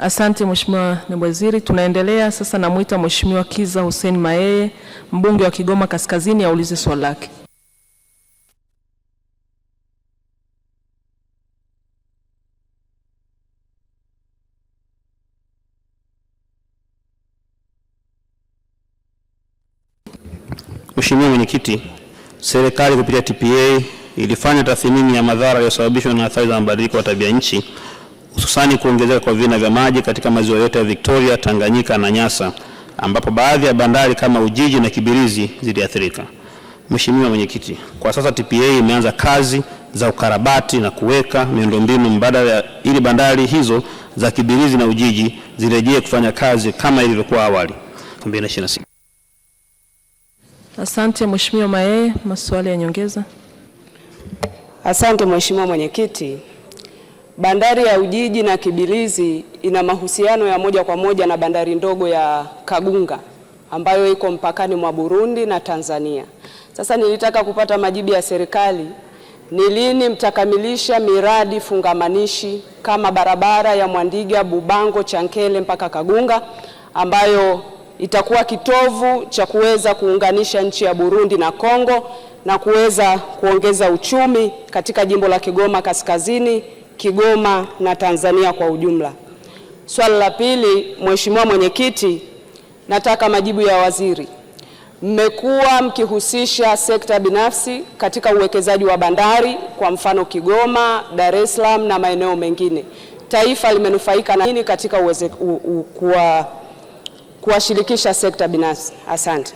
Asante Mheshimiwa Naibu Waziri. Tunaendelea sasa, namwita Mheshimiwa Kiza Hussein maeye mbunge wa Kigoma Kaskazini, aulize swali lake. Mheshimiwa Mwenyekiti, serikali kupitia TPA ilifanya tathmini ya madhara yaliyosababishwa na athari za mabadiliko ya tabia nchi hususani kuongezeka kwa vina vya maji katika maziwa yote ya Victoria, Tanganyika na Nyasa ambapo baadhi ya bandari kama Ujiji na Kibirizi ziliathirika. Mheshimiwa Mwenyekiti, kwa sasa TPA imeanza kazi za ukarabati na kuweka miundombinu mbadala ili bandari hizo za Kibirizi na Ujiji zirejee kufanya kazi kama ilivyokuwa awali 2026. Asante Mheshimiwa Mae, maswali ya nyongeza. Asante Mheshimiwa Mwenyekiti. Bandari ya Ujiji na Kibilizi ina mahusiano ya moja kwa moja na bandari ndogo ya Kagunga ambayo iko mpakani mwa Burundi na Tanzania. Sasa nilitaka kupata majibu ya serikali, ni lini mtakamilisha miradi fungamanishi kama barabara ya Mwandiga, Bubango, Chankele mpaka Kagunga ambayo itakuwa kitovu cha kuweza kuunganisha nchi ya Burundi na Kongo na kuweza kuongeza uchumi katika jimbo la Kigoma Kaskazini Kigoma na Tanzania kwa ujumla. Swali la pili, Mheshimiwa Mwenyekiti, nataka majibu ya waziri. Mmekuwa mkihusisha sekta binafsi katika uwekezaji wa bandari, kwa mfano Kigoma, Dar es Salaam na maeneo mengine. Taifa limenufaika na nini katika kuwashirikisha sekta binafsi? Asante.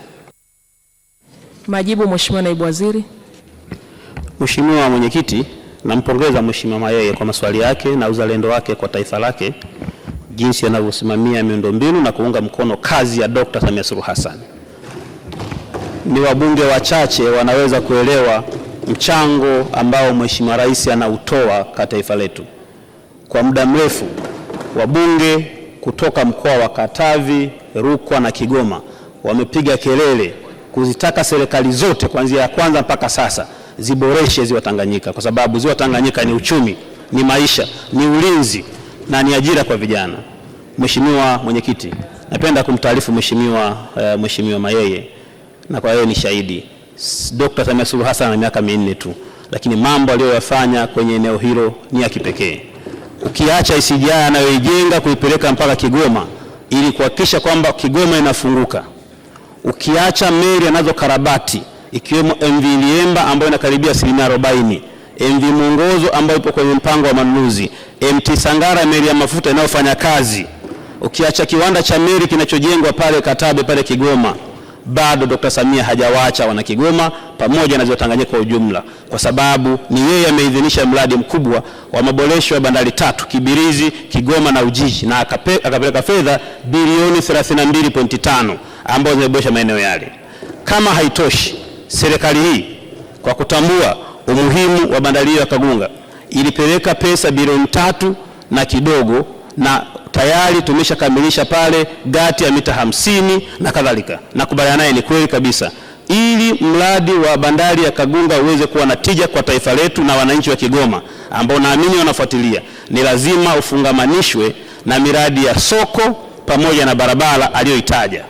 Majibu, Mheshimiwa Naibu Waziri. Mheshimiwa Mwenyekiti Nampongeza Mheshimiwa Mayeye kwa maswali yake na uzalendo wake kwa taifa lake, jinsi anavyosimamia miundombinu na kuunga mkono kazi ya Dkt. Samia Suluhu Hassan. Ni wabunge wachache wanaweza kuelewa mchango ambao Mheshimiwa Rais anautoa kwa taifa letu. Kwa muda mrefu wabunge kutoka mkoa wa Katavi, Rukwa na Kigoma wamepiga kelele kuzitaka serikali zote kuanzia ya kwanza mpaka sasa ziboreshe ziwa Tanganyika, kwa sababu ziwa Tanganyika ni uchumi, ni maisha, ni ulinzi na ni ajira kwa vijana. Mheshimiwa Mwenyekiti, napenda kumtaarifu Mheshimiwa uh, Mheshimiwa Mayeye na kwa yeye ni shahidi Dr. Samia Suluhu Hassan ana miaka minne tu, lakini mambo aliyoyafanya kwenye eneo hilo ni ya kipekee. Ukiacha ICGI anayoijenga kuipeleka mpaka Kigoma ili kuhakikisha kwamba Kigoma inafunguka, ukiacha meli anazokarabati ikiwemo MV Liemba ambayo inakaribia asilimia arobaini, MV Mwongozo ambayo ipo kwenye mpango wa manunuzi, MT Sangara meli ya mafuta inayofanya kazi, ukiacha kiwanda cha meli kinachojengwa pale Katabe pale Kigoma bado Dr. Samia hajawaacha wana Kigoma pamoja na ziwa Tanganyika kwa ujumla, kwa sababu ni yeye ameidhinisha mradi mkubwa wa maboresho ya bandari tatu Kibirizi, Kigoma na Ujiji, na akapeleka fedha bilioni 32.5 ambazo zimeboresha maeneo yale. Kama haitoshi serikali hii kwa kutambua umuhimu wa bandari ya Kagunga ilipeleka pesa bilioni tatu na kidogo, na tayari tumeshakamilisha pale gati ya mita hamsini na kadhalika. Nakubaliana naye, ni kweli kabisa, ili mradi wa bandari ya Kagunga uweze kuwa na tija kwa taifa letu na wananchi wa Kigoma ambao naamini wanafuatilia, ni lazima ufungamanishwe na miradi ya soko pamoja na barabara aliyoitaja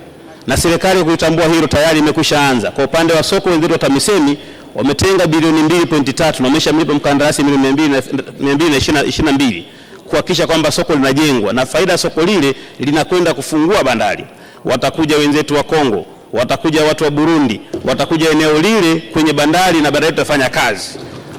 na serikali kuitambua hilo tayari imekwisha anza. Kwa upande wa soko, wenzetu wa TAMISEMI wametenga bilioni 2.3 na wameshamlipa mkandarasi milioni 222 kuhakikisha kwamba soko linajengwa na faida ya soko lile linakwenda kufungua bandari. Watakuja wenzetu wa Kongo, watakuja watu wa Burundi, watakuja eneo lile kwenye bandari na bandari tutafanya kazi.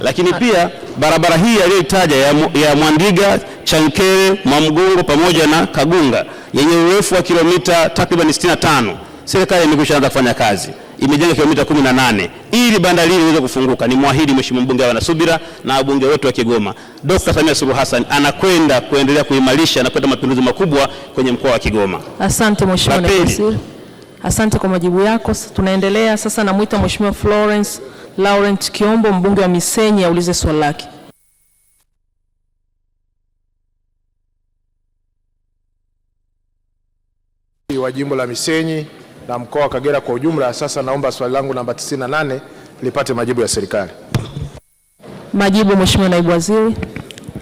Lakini pia barabara hii aliyoitaja ya, ya Mwandiga Chankere Mwamgongo pamoja na Kagunga yenye urefu wa kilomita takriban 65 serikali imekwishaanza kufanya kazi, imejenga kilomita kumi na nane ili bandari hili iweze kufunguka. Ni mwahidi mheshimiwa mbunge wa na na wabunge wote wa Kigoma, Dr. Samia Suluhu Hassan anakwenda kuendelea kuimarisha na kuleta mapinduzi makubwa kwenye mkoa wa Kigoma. Asante mheshimiwa naibu asante kwa majibu yako. Tunaendelea sasa, namwita mheshimiwa Florence Laurent Kiombo, mbunge wa Misenyi, aulize swali lake. wa jimbo la Misenyi na mkoa wa Kagera kwa ujumla. Sasa naomba swali langu namba 98 lipate majibu ya serikali. Majibu, Mheshimiwa Naibu Waziri.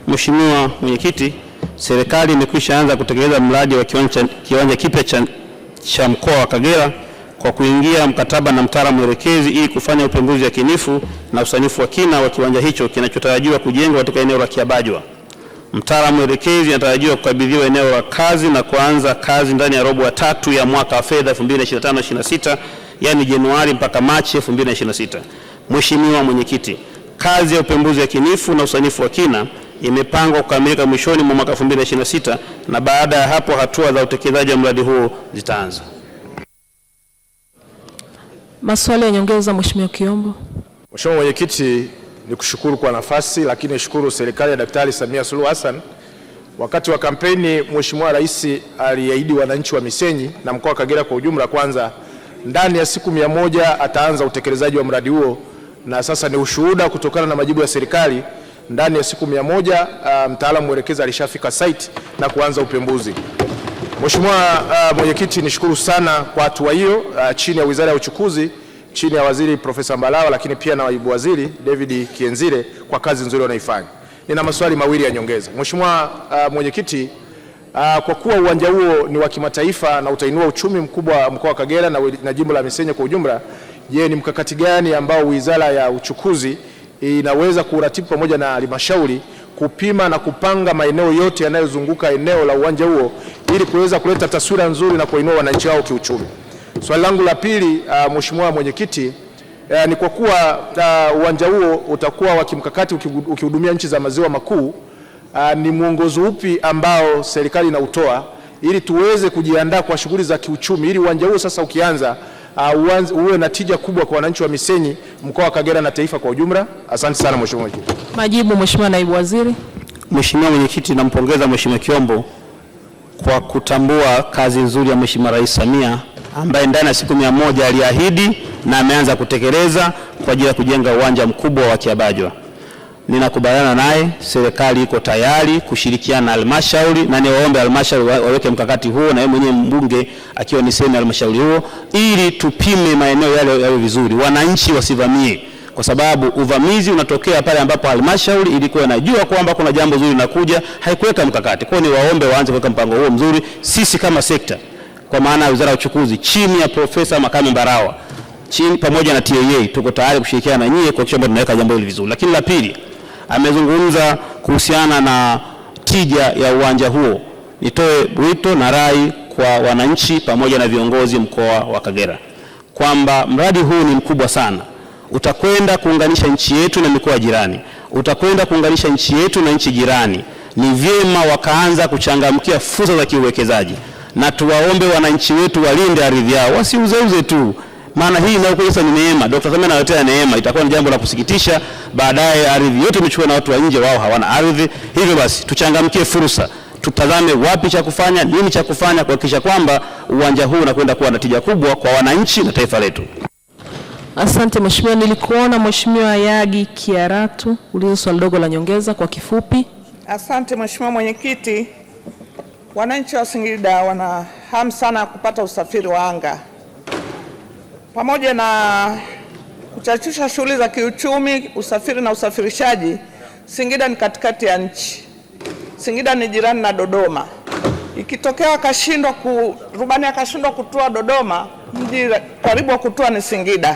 Mheshimiwa Mwenyekiti, serikali imekwisha anza kutekeleza mradi wa kiwanja kipya cha, cha mkoa wa Kagera kwa kuingia mkataba na mtaalamu mwelekezi ili kufanya upembuzi yakinifu na usanifu wa kina wa kiwanja hicho kinachotarajiwa kujengwa katika eneo la Kiabajwa. Mtaalamu elekezi anatarajiwa kukabidhiwa eneo la kazi na kuanza kazi ndani ya robo ya tatu ya mwaka wa fedha 2025/26 yani Januari mpaka Machi 2026. Mheshimiwa Mwenyekiti, kazi ya upembuzi yakinifu na usanifu wa kina imepangwa kukamilika mwishoni mwa mwaka 2026 na baada ya hapo hatua za utekelezaji wa mradi huu zitaanza. Maswali ya nyongeza, Mheshimiwa Kiombo. Mheshimiwa Mwenyekiti ni kushukuru kwa nafasi, lakini shukuru serikali ya Daktari Samia Suluhu Hassan. Wakati wa kampeni, Mheshimiwa Rais aliahidi wananchi wa Misenyi na mkoa wa Kagera kwa ujumla, kwanza ndani ya siku mia moja ataanza utekelezaji wa mradi huo, na sasa ni ushuhuda kutokana na majibu ya serikali ndani ya siku mia moja uh, mtaalamu um, mwelekezi alishafika site na kuanza upembuzi. Mheshimiwa uh, Mwenyekiti, nishukuru sana kwa hatua hiyo uh, chini ya Wizara ya Uchukuzi chini ya waziri Profesa Mbalawa, lakini pia na naibu waziri David Kienzile kwa kazi nzuri wanaifanya. Nina maswali mawili ya nyongeza, Mheshimiwa uh, mwenyekiti uh, kwa kuwa uwanja huo ni wa kimataifa na utainua uchumi mkubwa wa mkoa wa Kagera na, na jimbo la Misenyi kwa ujumla, je, ni mkakati gani ambao Wizara ya Uchukuzi inaweza kuratibu pamoja na halmashauri kupima na kupanga maeneo yote yanayozunguka eneo la uwanja huo ili kuweza kuleta taswira nzuri na kuinua wananchi wao kiuchumi? Swali langu la pili, uh, Mheshimiwa Mwenyekiti, uh, ni kwa kuwa uh, uwanja huo utakuwa wa kimkakati ukihudumia nchi za maziwa makuu, uh, ni mwongozo upi ambao serikali inautoa ili tuweze kujiandaa kwa shughuli za kiuchumi ili uwanja huo sasa ukianza uh, uwe na tija kubwa kwa wananchi wa Misenyi, mkoa wa Kagera na taifa kwa ujumla? Asante sana Mheshimiwa Mwenyekiti. Majibu Mheshimiwa Naibu Waziri. Mheshimiwa Mwenyekiti, nampongeza Mheshimiwa Kiombo kwa kutambua kazi nzuri ya Mheshimiwa Rais Samia ambaye ndani ya siku mia moja aliahidi na ameanza kutekeleza kwa ajili ya kujenga uwanja mkubwa wa Kiabajwa. Ninakubaliana naye, serikali iko tayari kushirikiana na halmashauri, na niwaombe halmashauri waweke mkakati huo, na yeye mwenyewe mbunge akiwa ni sehemu ya halmashauri huo, ili tupime maeneo yale yawe vizuri, wananchi wasivamie kwa sababu uvamizi unatokea pale ambapo halmashauri ilikuwa inajua kwamba kuna jambo zuri linakuja, haikuweka mkakati. Kwa hiyo waombe waanze kuweka mpango huo mzuri. Sisi kama sekta, kwa maana ya Wizara ya Uchukuzi chini ya Profesa Makame Mbarawa chini pamoja na TAA, tuko tayari kushirikiana na nyie kuhakikisha kwamba tunaweka jambo hili vizuri. Lakini la pili, amezungumza kuhusiana na tija ya uwanja huo. Nitoe wito na rai kwa wananchi pamoja na viongozi mkoa wa Kagera kwamba mradi huu ni mkubwa sana utakwenda kuunganisha nchi yetu na mikoa jirani, utakwenda kuunganisha nchi yetu na nchi jirani. Ni vyema wakaanza kuchangamkia fursa za kiuwekezaji, na tuwaombe wananchi wetu walinde ardhi yao, wasiuzeuze tu, maana hii inayokuja sasa ni neema. Dkt. Samia anayotea neema, itakuwa ni jambo la kusikitisha baadaye ardhi yote imechukua na watu wa nje, wao hawana ardhi. Hivyo basi tuchangamkie fursa tutazame wapi cha kufanya, nini cha kufanya kuhakikisha kwamba uwanja huu unakwenda kuwa na tija kubwa kwa wananchi na taifa letu. Asante mheshimiwa, nilikuona mheshimiwa Yagi Kiaratu ulizo swali dogo la nyongeza kwa kifupi. Asante mheshimiwa mwenyekiti, wananchi wa Singida wana hamu sana ya kupata usafiri wa anga pamoja na kuchachusha shughuli za kiuchumi, usafiri na usafirishaji. Singida ni katikati ya nchi, Singida ni jirani na Dodoma. Ikitokea akashindwa ku rubani akashindwa kutua Dodoma, mji karibu wa kutua ni Singida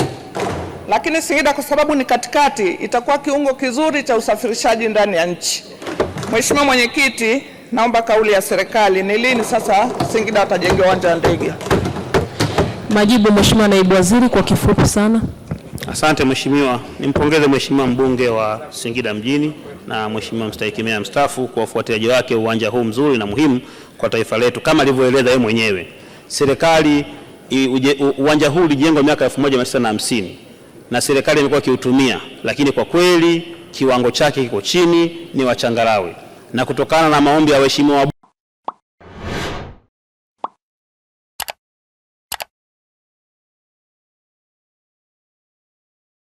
lakini Singida kwa sababu ni katikati itakuwa kiungo kizuri cha usafirishaji ndani ya nchi. Mheshimiwa Mwenyekiti, naomba kauli ya serikali ni lini sasa Singida watajenga uwanja wa ndege? Majibu Mheshimiwa Naibu Waziri kwa kifupi sana. Asante Mheshimiwa, nimpongeze Mheshimiwa mbunge wa Singida mjini na Mheshimiwa mstahiki meya mstaafu kwa ufuatiliaji wake uwanja huu mzuri na muhimu kwa taifa letu. Kama alivyoeleza yeye mwenyewe, serikali uwanja huu ulijengwa miaka 1950 na serikali imekuwa ikiutumia, lakini kwa kweli kiwango chake kiko chini, ni wachangarawe, na kutokana na maombi ya waheshimiwa